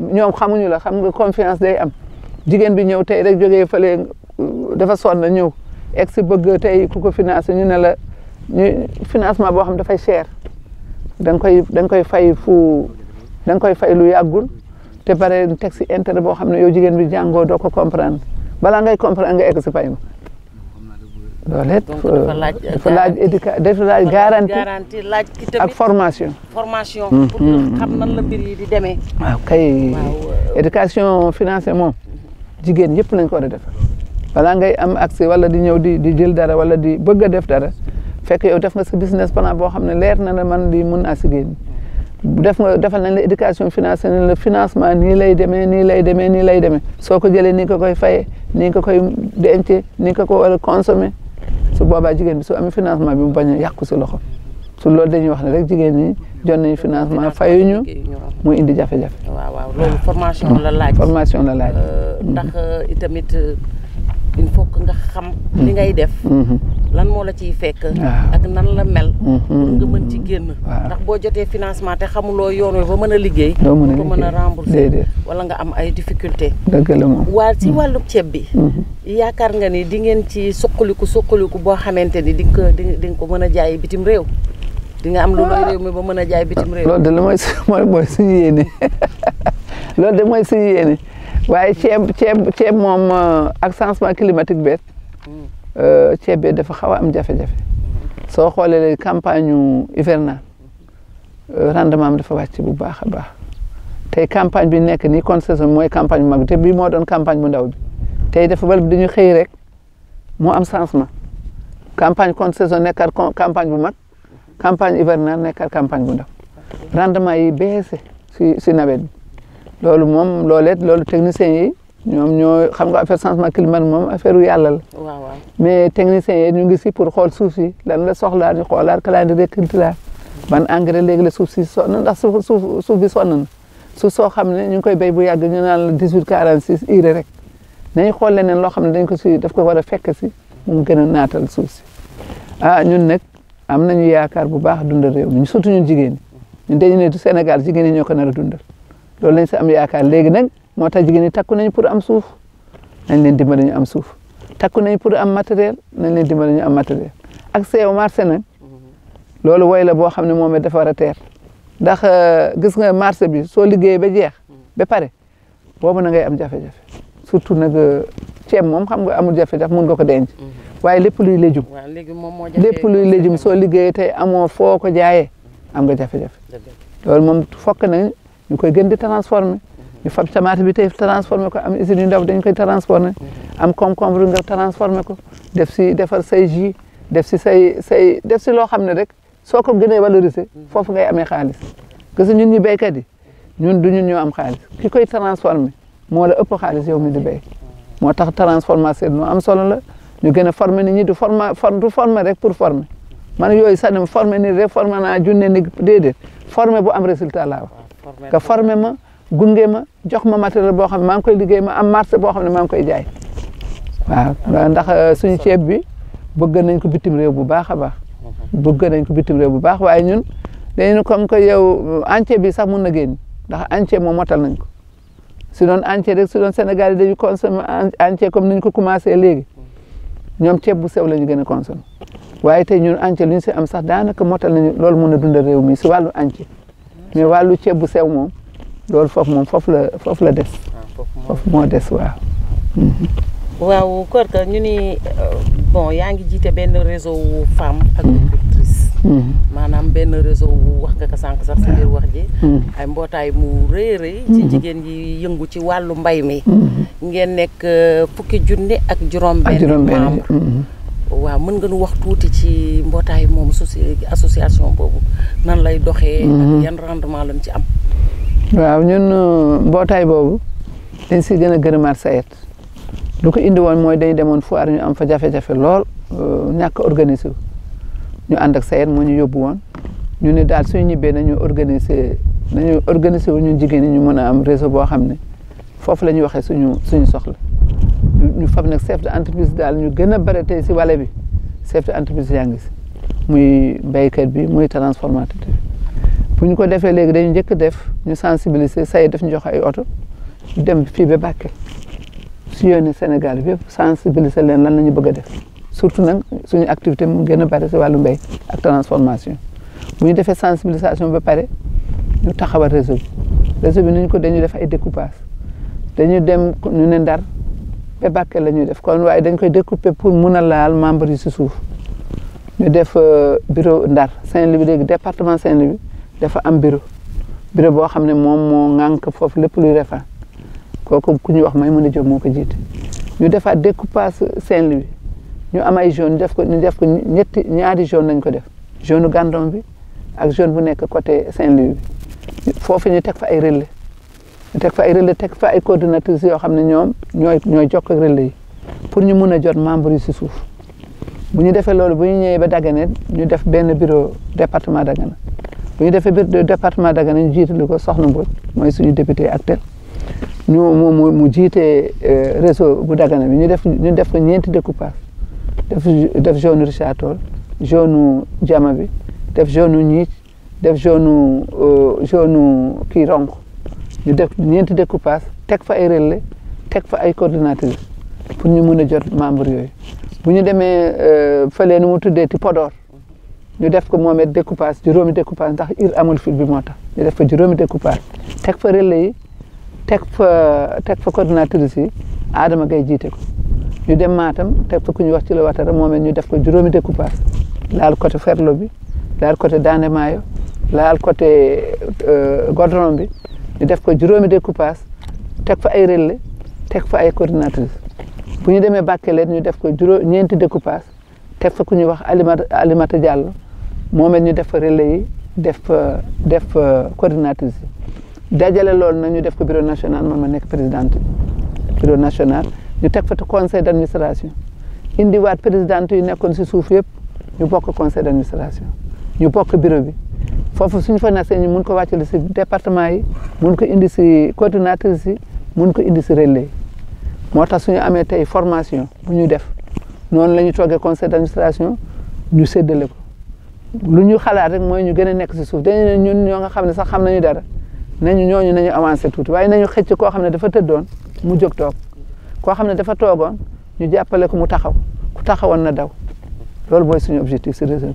ñoom xamuñu la xam nga confiance day am jigéen bi ñëw te rek jógee fële dafa sonn ñëw egg si bëgg tey ku ko financé ñu ne la ñu financement boo xam dafay cher. da nga koy da nga koy fay fu da nga koy fay lu yàggul te pare teg si intérêt boo xam ne yow jigéen bi jàngoo doo ko comprendre balaa ngay comprendre nga egg si fay ma loolu it euh, dafa laaj éduca dafa laaj garantie ak formation. formation. Hmm. pour hmm. xam nan la moom jigéen yëpp lañ ko war a def balaa ngay am accès wala di ñëw di di jël dara wala di bëgg a def dara. fekk yow def nga sa business plan boo xam ne leer na ne man lii mun naa si génn def nga defal nañ la éducation financière nañ la financement nii lay demee nii lay demee nii lay demee soo ko jëlee ni nga koy fayee ni nga koy dencee ni nga ko war a su boobaa jigéen bi su amee financement bi mu bañ a yàqu si loxo su loolu dañuy wax ne rek jigéen ñi jot nañu financement ñu mu indi jafe-jafe. la laaj. formation la laaj. Euh, ndax euh, itamit. Euh, il faut que nga xam li ngay def mm-hmm. lan moo la ciy fekk ah. ak nan la mel mm-hmm. nga mën ci génn ndax boo jotee financement te xamuloo yoon wi ba mën a liggéey doo mën a rembourser wala nga am ay difficulté dëgg la waa ci mm-hmm. wàllu ceeb bi yaakaar nga ni di ngeen ci suqaliku suqaliku boo xamante ni di nga ko ko mën a jaay bitim réew di nga am lu looy réew mi ba mën a jaay bitim réew loolu de la mooy mooy suñu yéene loolu de mooy suñu yéene waaye ceeb ceeb ceeb moom euh, ak changement climatique bees mm. euh, ceeb bi dafa xaw a am jafe-jafe mm-hmm. soo xoolee campagne hivernale euh, rendement am dafa wàcc bu baax a baax tey campagne bi nekk nii kon saison mooy campagne bu mag te bii moo doon campagne bu ndaw bi tey dafa bal dañu xëy rek moo am changement campagne contre saison nekkaat campagne bu mag campagne hivernale nekkaat campagne bu ndaw rendement yi baissé si si nawet bi loolu moom loolee loolu techniciens yi ñoom ñoo xam nga affaire changement climatique moom affaire yu yàlla la. waaw waaw mais techniciens yi ñu ngi si pour xool suuf si lan la soxlaa ñu xoolaat calendrier cultural ah. ban engrais léegi la suuf si sonn ndax suuf suuf suuf bi sonn na suuf soo xam ne ñu ngi koy béy bu yàgg ñu naan la dix huit quarante six urée rek nañu lee leneen loo xam ne dañ ko si daf ko war fekk si mu gën a suuf si ah ñun nag am nañu yaakaar bu baax dundal réew mi surtout ñun jigéen ñi ñun dañu ne du Sénégal jigéen ñoo ko nar a dundal. loolu lañ si am yaakaar léegi nag moo tax jigéen ñi takku nañ pour am suuf nañ leen dimbali ñu am suuf takku nañ pour am matériel nañ leen dimbali ñu am matériel ak seew marché nag loolu woy la boo xam ne moom it dafa war a teer ndax euh, gis nga marché bi soo liggéeyee ba jeex ba pare boobu na ngay am jafe-jafe surtout nag euh, ceeb moom xam nga amul jafe-jafe mun nga ko denc waaye lépp luy léjum lépp luy léjum soo liggéeyee tey amoo foo ko jaayee am nga jafe-jafe loolu moom fokk ñu koy gën di transformer ñu fab tamaate bi tey transformer ko am usine yu ndaw dañ koy transformer am concombre nga transformer ko def si defar say jus def si say say def si loo xam ne rek soo ko gënee valoriser foofu ngay amee xaalis parce que ñun ñu béykat yi ñun du ñun ñoo am xaalis ki koy transformer moo la ëpp xaalis yow mi di béy moo tax transformation moo am solo la ñu gën a former nit ñi du former du former rek pour former man yooyu sax dem former nii rek former naa junne ni déedéet former bu am résultat laa wax nga formé ma gunge ma jox ma matériel boo xam ne maa ngi koy liggéey ma am marché boo xam ne maa ngi koy jaay waaw ndax euh, suñu ceeb bi bëgg nañ ko bitim réew bu baax a baax mhm. bëgg nañ ko bitim réew bu baax waaye ñun dañu comme ko yew euh, entier bi sax mun na génn ndax entier moom motal nañ ko si doon entier rek si doon Sénégal yi dañu consommer entier comme ni ñu ko commencé léegi ñoom ceeb bu sew la ñu gën a consommer waaye tey ñun entier lu ñu si am sax daanaka motal nañu loolu mun a dundal réew mi s wàllu entier mais wàllu ceeb bu sew moom loolu foofu moom foofu la foofu la des. Ah, foofu moo des waaw. Mm-hmm. waaw Korka ñu ni euh, bon yaa ngi jiite benn réseau wu femme mm-hmm. agricultrice. Mm-hmm. maanaam benn réseau wu wax nga ko sànq sax si biir wax ji. ay mbootaay mu rëy rëy. ci jigéen yi yëngu ci wàllu mbay mi. ngeen nekk euh, fukki junni ak juróom-benn. ak juróom waaw mën nga nu wax tuuti ci mbootaay moom association boobu nan lay doxee. ak mhm. yan rendement lañ ci am. waaw ñun euh, mbootaay boobu dañ si gën a gërëmaat sayet lu ko indi woon mooy dañ demoon foire ñu am fa jafe-jafe lool euh, ñàkk organisé ñu ànd ak sayet moo ñu yóbbu woon ñu ni daal suñu ñibbee nañu organiser nañu organiser wu ñun jigéen ñi ñu mën a am réseau boo xam ne foofu la ñuy waxee suñu suñu soxla. ñu fab nag chef d'entreprise daal ñu gën a bare tey si wàll bi chef d'entreprise yaa ngi si muy béykat bi muy transformateur bu ñu ko defee léegi dañu njëkk def ñu sensibiliser say def ñu jox ay oto dem fii ba Bakke si yónnee Sénégal bi yëpp sensibiliser leen lan la ñu bëgg a def surtout nag suñu activité mu gën a bare si wàllu mbéy ak transformation bu ñu defee sensibilisation ba pare ñu taxawal réseau bi réseau bi ni ñu ko dañuy def ay découpage dañu dem ñu ne Ndar. ba Bakel la ñuy def kon waaye dañ koy découper pour mun a laal membre yi si suuf ñu def euh, bureau Ndar Saint-Louis léegi département Saint-Louis dafa am bureau bureau boo xam ne moom moo ŋànk foofu lépp luy refa kooku ku ñuy wax may mën a jóg moo ko jiite ñu defaat découpage Saint-Louis ñu am ay zone ñu def ko ñu def ko ñetti ñaari zone lañ ko def zone gandon bi ak zone bu nekk côté Saint-Louis bi foofu ñu teg fa ay relais teg fa ay relais teg fa ay coordonnatrices yoo xam ne ñoom ñooy ñooy jokk ak yi pour ñu mun a jot membre yi si suuf bu ñu defee loolu bu ñu ñëwee ba Dagana ñu def benn bureau département Dagana bu ñu defee bureau département Dagana ñu jiitalu ko Soxna Mbodj mooy suñu député actuel ñu mu mu mu jiitee euh, réseau bu Dagana bi ñu def ñu def ko ñeenti découpage def def zone Richard Toll zone Jama bi def zone Ñiic def zone euh, zone kii Ronk ñu def ñeenti découpage teg fa ay relais teg fa ay coordinatrices pour ñu mun a jot membre yooyu bu ñu demee euh, fële nu mu tuddee ti Podor ñu def ko moom it découpage juróomi découpage ndax ir amul fil bi moo tax ñu juróomi découpage teg fa relais yi teg fa teg fa coordinatrices yi Adama Gaye jiite ko ñu dem Matam teg ku ñu wax ci la watara moom it ñu def ko juróomi découpage laal côté Ferlo bi laal côté Dandemayo laal côté euh, Godron bi ñu def ko juróomi découpage teg fa ay relais teg fa ay coordinatrice bu ñu demee Bakelé ñu def ko juróom ñeenti découpage teg fa ku ñuy wax Alimata Alimata Diallo moom it ñu def fa relais yi def fa def fa coordinatrice yi dajale loolu na ñu def ko bureau national man ma nekk présidente bureau national ñu teg fa conseil d' administration indiwaat présidente yi nekkoon si suuf yëpp ñu bokk conseil d' administration ñu bokk bureau bi. foofu suñu fa nasee ñu mun ko wàccale si département yi mun ko indi si coordinatrice yi mun ko indi si relais moo tax suñu amee tey formation mu ñu def noonu la ñu toogee conseil d'administration ñu séddale ko lu ñu xalaat rek mooy ñu gën a nekk si suuf dañu ne ñun ñoo nga xam ne sax xam nañu dara nañu ñooñu nañu avancé tuuti waaye nañu xëcc koo xam ne dafa tëddoon mu jóg toog koo xam ne dafa toogoon ñu jàppale ko mu taxaw ku taxawoon na daw loolu mooy suñu objectif si réseau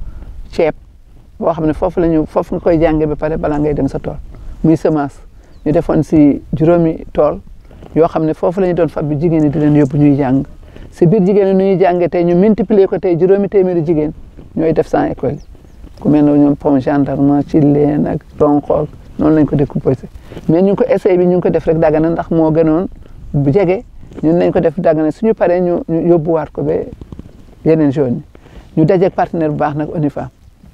ceeb boo xam ne foofu la ñu foofu nga koy jàngee ba pare balaa ngay dem sa tool muy semence ñu defoon si juróomi tool yoo xam ne foofu la ñu doon fab bi jigéen ñi di leen yóbbu ñuy jàng si biir jigéen nu ñuy jàngee ñu multiplier ko tey juróomi téeméeri jigéen ñooy def école ku mel ne ñoom pont gendarme ci leen ak ronxoog noonu lañ ko décomposé mais ñu ngi ko essayé bi ñu ngi ko def rek Dagana ndax moo gënoon bu jege ñun nañ ko def Dagana suñu paree ñu yóbbuwaat ko ba yeneen zones ñu dajeeg partenaire bu baax nag ONIFAM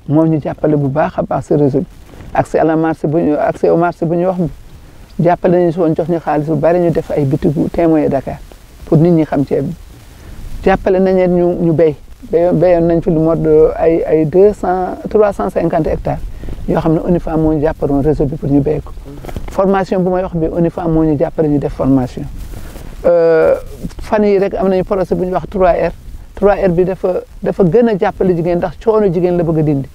moo ñu jàppale bu baax a baax si réseau bi accès à la marché bu ñu accès bu ñu wax bi jàppale nañu si woon jox ñu xaalis bu bari ñu def ay bitigu témoin Dakar pour nit ñi xam ceeb bi jàppale nañu ñu ñu béy béyoon nañ fi lu mot ay ay deux cent trois cent cinquante hectare yoo xam ne UNIFAM moo ñu jàppaloon réseau bi pour ñu béy ko formation bu may wax bi UNIFAM moo ñu jàppale ñu def formation euh, fan yi rek am nañu projet bu ñu wax 3R 3R bi dafa dafa gën a jàppale jigéen ndax coono jigéen la bëgg a dindi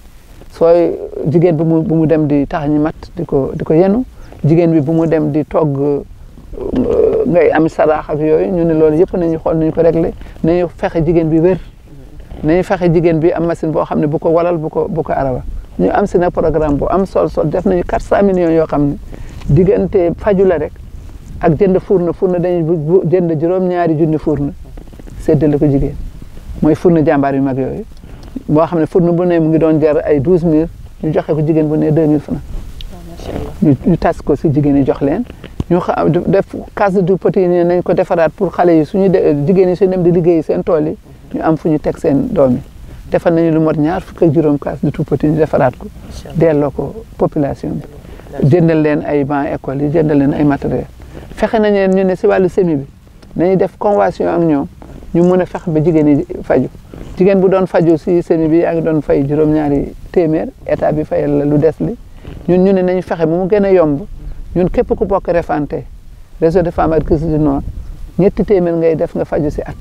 sooy jigéen bi mu mu dem di tax ñi mat di ko di ko yenu jigéen bi bu mu dem di togg euh, ngay am saraax ak yooyu ñu ne loolu yëpp ñu xool nañu ko réglé nañu fexe jigéen bi wér nañu fexe jigéen bi am machine boo xam ne bu ko walal bu ko bu ko arawa ñu am si na programme bu am sol sol def nañu 400 millions yoo xam ne diggante faju la rek ak jënd fourne fourne dañuy jënd juróom-ñaari junni fourne séddale ko jigéen mooy fourne jàmbaar yu mag yooyu boo xam ne fourne bu ne mu ngi doon jar ay douze mille ñu joxe ko jigéen bu ne deux mille francs ñu tas ko si jigéen yi jox leen ñu xam def case du potager nañ ko defaraat pour xale yi suñu jigéen yi suñu di liggéey seen yi ñu am fu ñu teg seen doom yi defar nañu lu mot ñaar fukk ak juróom case du tout petit ñu defaraat ko delloo ko population bi leen ay bans école yi jëndal leen ay matériel fexe nañ leen ñu ne si wàllu semi bi nañu def convention ak ñoom ñu mën a fex ba jigéen ñi faju jigéen bu doon faju si seen bi yaa ngi doon fay juróom-ñaari téeméer état bi fayal la lu des li ñun ñu ne nañu fexe mu gën a yomb ñun képp ku bokk Refante réseau de femmes agricultrices du Nord ñetti téeméer ngay def nga faju si at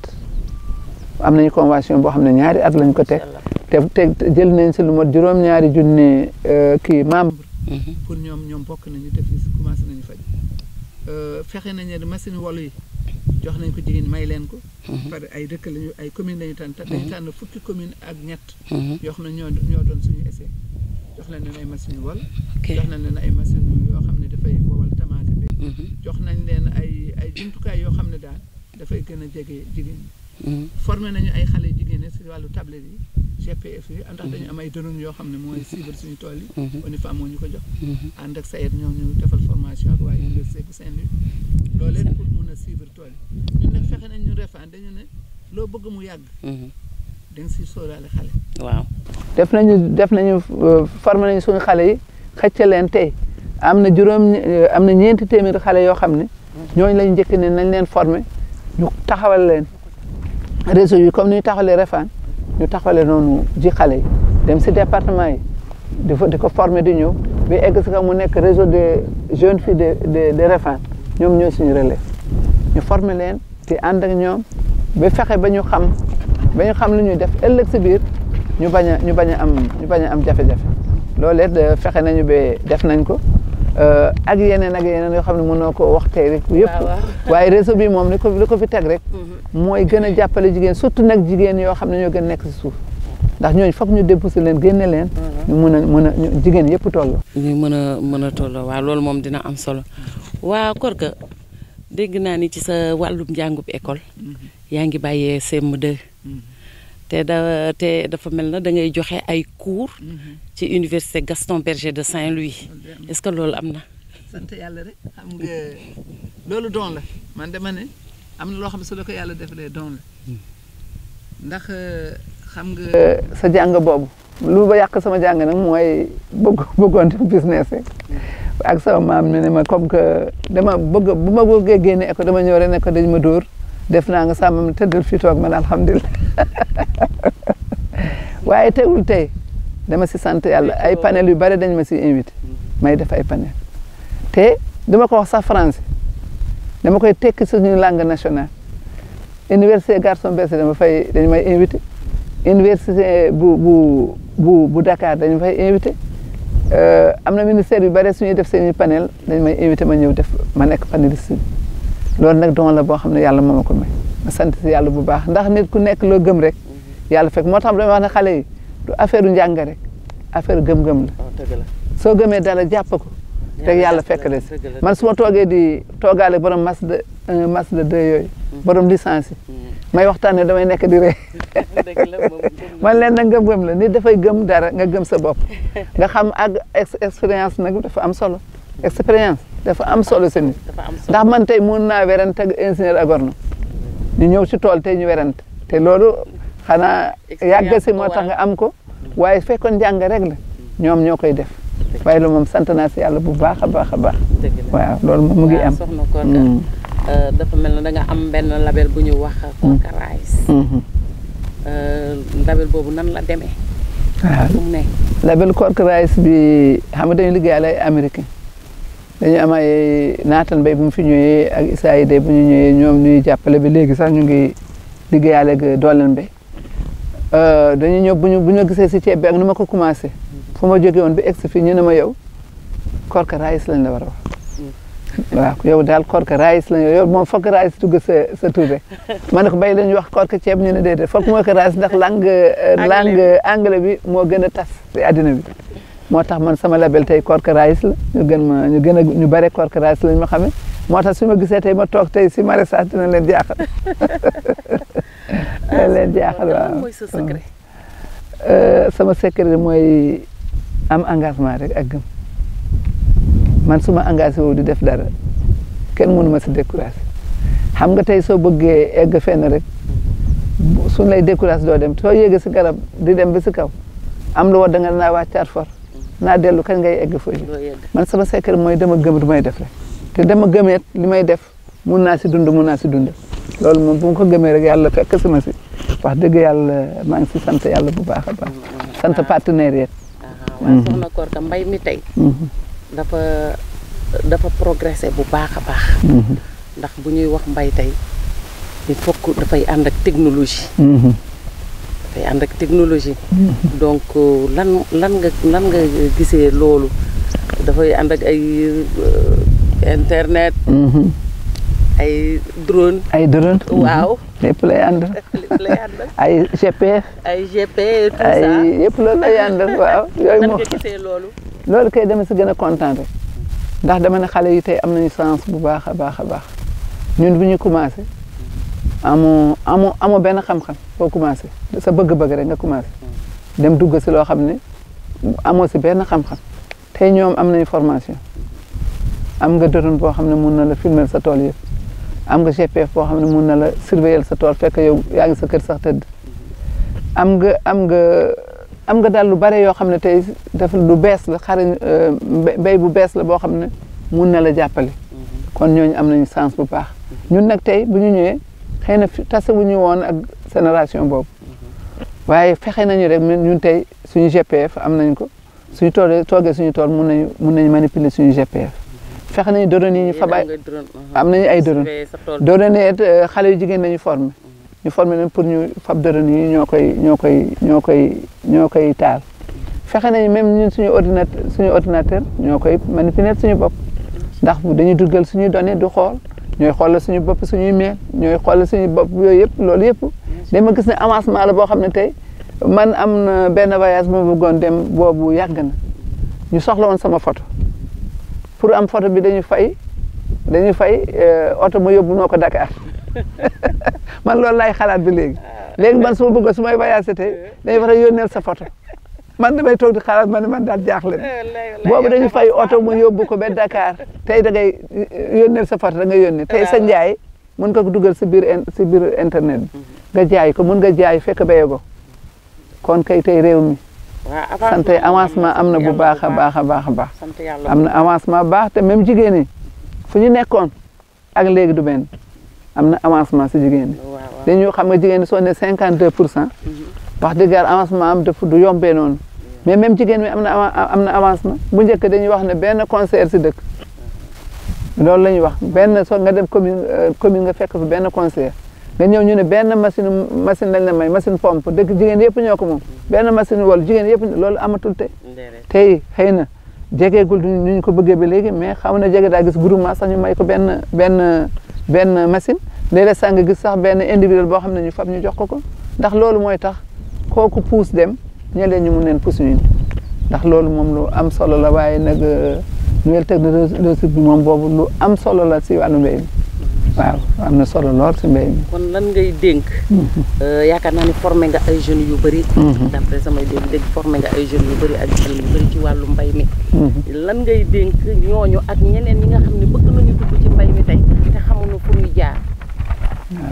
am nañu convention boo xam ne ñaari at lañ ko teg te teg jël nañ si lu mot juróom-ñaari junne euh, kii membre mm-hmm. pour ñoom ñoom bokk nañu def commencé nañu faj euh, fexe nañu machine wàllu yi jox nañ ko jigéen may leen ko. Mhm. pare ay dëkk lañu ay commune lañu tànn. Mhm. dañu tànn fukki commune ak ñett. Mhm. yoo xam ne ñoo ñoo doon suñu essai jox nañ leen ay machine wol. jox nañ leen ay machine yoo xam ne dafay wowal tamaate bi. jox nañ leen ay ay jumtukaay yoo xam ne daal dafay gën a jege jigéen formé nañu ay xale jigéen si wàllu tablette yi GPF yi ndax am ay données yoo xam ne mooy suivre suñu tool yi ONIFAM mm-hmm. moo ñu ko jox mm-hmm. ànd ak SAED ñoom ñu defal formation ak waaye université bu Saint-Louis loolee pour tool yi ñun nag fexe nañ ñu ne loo bëgg mu yàgg da nga si sóoraale xale waaw def nañu def nañu euh, formé nañu suñu xale yi xëcca leen tey am na juróom euh, am na ñeenti téeméeri xale yoo xam ne mm-hmm. ñooñu lañ njëkk ne nañ leen forme ñu taxawal leen réseau yi comme ni ñu taxalee Refane ñu taxalee noonu ji xale yi dem si département yi di ko di ko former di ñëw bi egg si kaw mu nekk réseau de jeunes filles de de de Refane ñoom ñooy suñu relais ñu former leen di ànd ak ñoom ba fexe ba ñu xam ba ñu xam lu ñuy def ëllëg si biir ñu bañ a ñu bañ am ñu bañ am jafe-jafe loolu it fexe nañu ba def nañ ko. Euh, ak yeneen ak yeneen yoo xam ne mënoo ko wax tey rek. yëpp waaye bi moom li ko fi teg mm-hmm. mooy gën a jàppale jigéen surtout nag jigéen yoo xam ne ñoo gën nekk si suuf ndax ñooñu foog ñu dépousser leen génne leen. Mhm. ñu mën a mën a jigéen yëpp tolloo. ñu mën a mën a tolloo waaw loolu moom dina am solo waa Korka dégg naa ni ci sa wàllum njàngub école. Mhm. yaa ngi bàyyee CM2. Mhm. da te dafa mel na da joxe ay cours. ci université Gaston Berger de Saint-Louis. Oh, est-ce que loolu am na. sant yàlla rek xam nga loolu doon la man dama am na loo xam ne su yàlla defalee doon la hmm. ndax euh, xam nga. Euh, sa jàng boobu lu ba yàq sama jàng nag mooy bëgg bëggoon def business rek hmm. ak sama maam mi ne ma comme que dama bëgg bu ma bëggee génne école dama ñëw rek ne dañ ma dóor def naa nga sàmm ma tëddal fii toog man alhamdulilah waaye teewul tey dama si sant yàlla ay panel yu bari dañ ma si invité hmm. may def ay panel te dama ko wax sax français. dama koy tekki suñu langue national université Gaston da ma fay dañu may invité université bu bu bu bu Dakar dañu fay invité euh, am na ministère yu bare suñuy def seeni panel dañu may invité ma ñëw def ma nekk panéliste loolu nag don la boo xam ne yàlla moo ko may ma sant si yàlla bu baax ndax nit ku nekk loo gëm rek yàlla fekk moo tax dama wax ne xale yi du affaire u njàng rek affaire gëm-gëm ah, la soo gëmee dara jàpp ko te yàlla fekk na si man su toogee di toogaale borom mas de un mas de deux mm-hmm. borom licence yi mm-hmm. may waxtaanee damay nekk di ree man leen nag gam ngëm la ni dafay gëm dara nga gëm sa bopp nga xam ak expérience nag dafa am solo mm-hmm. expérience dafa am solo si nit ndax man tey mun naa werante ak ingénieur agronome ñu ñëw si tool tey ñu werante te loolu xanaa yàgg si moo tax nga am ko waaye fekkoon njàng rek la ñoom ñoo koy def waaye loolu moom sant naa si yàlla bu baax a baax a baax. waaw loolu moom mu ngi am soxna Korka mm. euh, dafa mel ne da am benn label bu ñu wax. Mm. Korka Rice. Mm-hmm. Euh, boobu nan label Korka Rice bi xam nga dañu liggéeyal ay américain dañu am ay naataan bay bu mu fi ñëwee ak Isaay de bu ñu ñëwee ñoom ñuy jàppale ba léegi sax ñu ngi liggéeyal ak dooleen euh, dañu ñëw bu ñu bu ñu gisee si ceeb bi ak nu ma ko commencé. fu ma jóge woon bi egsi fii ñu ne ma yow korka raïs lañ la war a wax mm. waaw yow daal korka raïs lañ yow moom fokk raïs dugg sa sa tur rek ma ne ko bay lañ wax korka ceeb ñu ne déedéet fokk moo ko raïs ndax langue euh, langue anglais bi moo gën a tas si àddina bi moo tax man sama label tey korka raïs la ñu gën ma ñu gën a ñu bare korka raïs lañ ma xamee moo tax su ma gisee tey ma toog tey si maraîchage dina leen jaaxal dina leen jaaxal waaw euh, sama secret mooy am engagement rek ak gëm man su ma engagé woo di def dara kenn mënu ma si découragé xam nga tey soo bëggee egg fenn rek suñ lay découragé doo dem soo yéegee si garab di dem ba si kaw am lu war da nga naa wàccaat for naa dellu kañ ngay egg foofu man sama secret mooy dama gëm lu may def rek te dama gëmeet li may def mun naa si dund mun naa si dund lool moom bu ma ko gëmee rek yàlla fekk si ma si wax dëgg yàlla maa ngi si sant yàlla bu baax a baax mm-hmm. sant partenaire yi waaye mhm. soxna koor ka mbay mi tey mhm. dafa dafa progressé bu baax a baax mhm. ndax bu ñuy wax mbay tey il faut dafay ànd ak technologie dafay ànd ak technologie donc euh, lan lan nga lan nga gisee loolu dafay ànd ak ay euh, internet ay drone. ay drone. waaw. Mm-hmm. lépp lay ànd. lépp ay GPS. ay ay yëpp lool lay ànd waaw. yooyu moom loolu. loolu kay dama si gën a kontaan rek ndax dama ne xale yi tey am nañu sens bu baax a baax a baax ñun bu ñu commencé amoo amoo amoo benn xam-xam boo commencé sa bëgg-bëgg rek nga commencé dem dugg si loo xam ne amoo si benn xam-xam tey ñoom am nañu formation am nga drone boo xam ne mun na la filmer sa tool yëpp. am nga GPF boo xam ne mun na la surveiller sa tool fekk yow yaa ngi sa kër sax tëdd am nga am nga am nga daal lu bare yoo xam ne tey dafa lu bees la xarañ mbéy euh, bu bees la boo xam ne mun na la jàppale mm-hmm. kon ñooñu am nañu sens bu baax ñun nag tey bu ñu ñëwee xëy na tasewuñu woon ak génération boobu mm-hmm. waaye fexe nañu rek ñun tey suñu GPF am nañ ko suñu tool toogee suñu tool mun nañu mun nañu manipuler suñu GPF fexe nañu dodoon yi ñu fa bàyyi uh-huh. am nañu ay dodoon dodoon yi uh, xale yu jigéen nañu formé uh-huh. ñu formé leen pour ñu fab dodoon yi ñoo koy ñoo koy ñoo koy ñoo koy taal uh-huh. fexe nañu même ñun suñu ordinateur suñu ordinateur ñoo koy manipuler suñu bopp ndax dañuy duggal suñuy données du xool ñooy xoolal suñu bopp suñuy meel ñooy xoolal suñu bopp yooyu yëpp loolu yëpp ma gis ne avancement la boo xam ne tey man am na benn voyage bu ma dem boobu yàgg na ñu soxla woon sama photo pour am photo bi dañu fay dañu fay euh, oto ma yóbbu noo ko Dakar man loolu laay xalaat bi léegi ah. léegi man su ma bëggoon su may voyagé tey dañu war a yónneel sa photo man may toog di xalaat man man daal jaaxle eh, boobu dañu fay oto mu yóbbu ko ba dakaar tey da ngay euh, yónneel sa photo da nga yónnee tey sa ah. njaay mën nga ko dugal si biir si biir internet bi nga jaay ko mën nga jaay fekk béye ko kon kay tey réew mi sant avancement am na bu baax a baax a baax a baax am na avancement baax te même jigéen ñi fu ñu nekkoon ak léegi du benn am na avancement si jigéen ñi dañu xam nga jigéen ñi soo ne cinquante deux pour cent mhm. wax dëgg yàlla avancement am dafa du yombee noonu mais même jigéen mi am na am na avancement bu njëkk dañuy wax ne benn conseiller si dëkk uh-huh. loolu la ñuy wax benn soo nga dem commune euh, commune nga fekk fa benn conseiller nga ñëw ñu ne benn machine machine lañ la may machine pompe dëkk jigéen yëpp ñoo ko moom benn machine wala jigéen yëpp loolu amatul te tey xëy na jegeegul ñu ko bëggee ba léegi mais xam na jege daa gis groupement sax ñu may ko benn benn benn machine léeg-léeg sax gis sax benn individuel boo xam ne ñu fab ñu jox ko ko ndax loolu mooy tax kooku puus dem ñelee ñu mun leen puus ñu ndax loolu moom loo am solo la waaye nag euh, nouvelle technologie bi moom boobu lu am solo la si wàllu mbéy waaw am na solo lool si mbéy mi. kon lan ngay dénk. Mhm. Euh, yaakaar naa ne formé nga ay jeunes yu bëri. Mhm. d'après samay dégg-dégg formé ay jeunes yu bëri ak ci wàllu mbay mi. Mhm. lan ngay dénk ñooñu ak ñeneen ñi nga xam ne bëgg nañu dugg ci mbay mi tey te xamuñu fu ñuy jaar.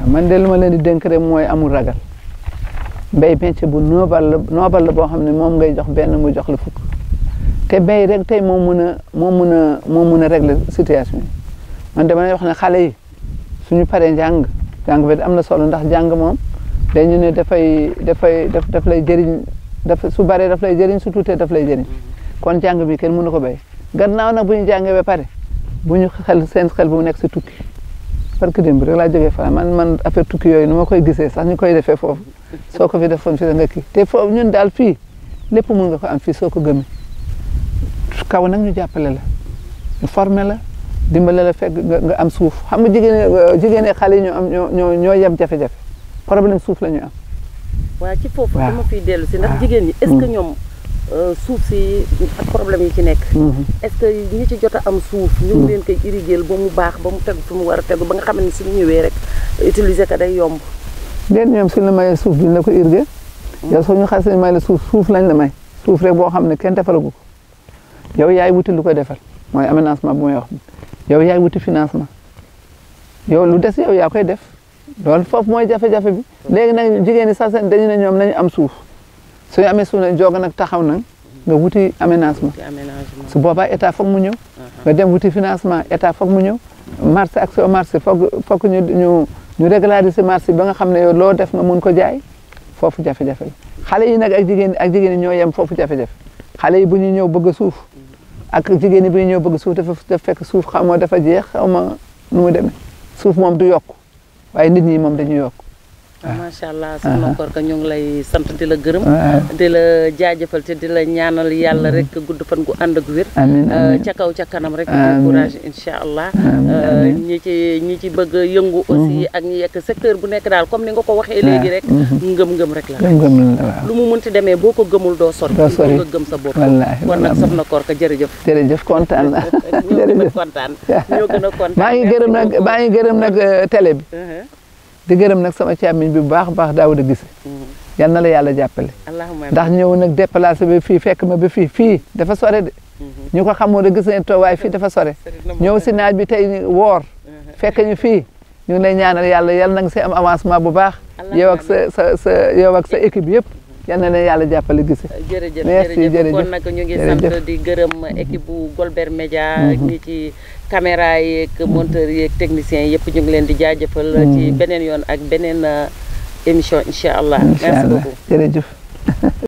man de lu ma leen di dénk rek mooy amul ragal mbéy métier bu noobal la noobal la boo xam ne moom ngay jox benn mu jox la fukk te mbéy rek tey moom mun a moo mun a moo mun a régler situation yi man dama lay wax ne xale yi. suñu paree njàng jàng bi am na solo ndax jàng moom dañu ne dafay dafay daf daf lay jëriñ daf su baree daf lay jëriñ su tuutee daf lay jëriñ kon jàng bi kenn mënu ko béy gannaaw nag bu ñu jàngee ba pare bu ñu xel seen xel bu nekk si tukki parce que démb rek laa jógee fa man man affaire tukki yooyu nu ma koy gisee sax ñu koy defee foofu sooko ko fi defoon fi da nga kii te foofu ñun daal fii lépp mun nga ko am fii soo ko gëmee nag ñu jàppale la ñu la dimbale la fekk nga am suuf xam nga jigéen euh, jigéen xale yi ñoo am ñoo ñoo yem jafe-jafe problème suuf la ñuy am. waa ci foofu dama fiy dellu si ndax jigéen yi est-ce que mm. ñoom euh, suuf si ak problème yi ci nekk. Mm-hmm. est-ce que ñi ci jot a am suuf. ñu ngi mm. leen koy irriguer ba mu baax ba mu tegu fu mu war a tegu ba nga xam ne suñu ñëwee rek utiliser day yomb. déedéet ñoom suñu la mayee suuf duñ la ko irriguer. Mm. yow soo ñu xasee may la suuf suuf lañ la may suuf rek boo xam ne kenn defaragu ko yow yaay wuti lu ko defal mooy aménagement bu may wax. yow yaay wuti financement yow lu des yow yaa koy def loolu foofu mooy jafe-jafe bi léegi nag jigéen ñi sax seen dañu ne ñoom nañu am suuf su amee suuf nañ joga nag taxaw nag nga wuti aménagement su boobaa état foog mu ñëw uh-huh. nga dem wuti financement état foog mu ñëw marché accès au marché foog foog ñu ñu ñu régulariser marché ba nga xam ne loo def nga mun ko jaay foofu jafe-jafe la xale yi nag ak jigéen ak jigéen ñoo yem foofu jafe-jafe xale yi bu ñuy ñëw bëgg a suuf ak jigéen ñi bi ñoo bëgg suuf dafa fekk suuf xamoo dafa jeex xaw nu mu demee suuf moom du yokk waaye nit ñi moom dañuy yokk Ah. macha allah soxna ah. Korka ñu ngi lay sant di la gërëm. Ah. di la jaajëfal te di la ñaanal yàlla mm-hmm. rek gudd fan gu ànd ak wér. ca kaw ca kanam rek. amiin courage incha allah. ñi ci ñi ci bëgg yëngu. aussi mm-hmm. ak ñi yekk secteur bu nekk daal comme ni nga ko waxee. léegi rek mm-hmm. ngëm-ngëm rek la. lu mu munti demee boo ko gëmul doo sori. doo sori nga gëm sa bopp. wallaahi kon nag soxna Korka na jërëjëf ñoo gën a kontaan. ñoo kontaan maa ngi gërëm nag euh, télé bi uh-huh. di gërëm nag sama càmmiñ bi bu baax baax daaw da gise mm-hmm. yal na la yàlla jàppale ndax ñëw nag déplacé ba fii fekk ma ba fii fii dafa sore de mm-hmm. ñu ko xamoo da gis ne to waaye fii dafa sore ñëw si naaj bi tey woor mm-hmm. fekk ñu fii ñu ngi lay ñaanal yàlla yal na nga si am avancement bu baax yow ak sa sa sa yow ak sa équipe yëpp yal na leen yàlla jàppale gise jërëjëf jërëjëf kon nag ñu ngi sant di caméra yeeg monteurs yeeg techniciens yëpp ñu leen di jaajëfal. ci hmm. beneen yoon ak beneen euh, émission incha allah. merci beaucoup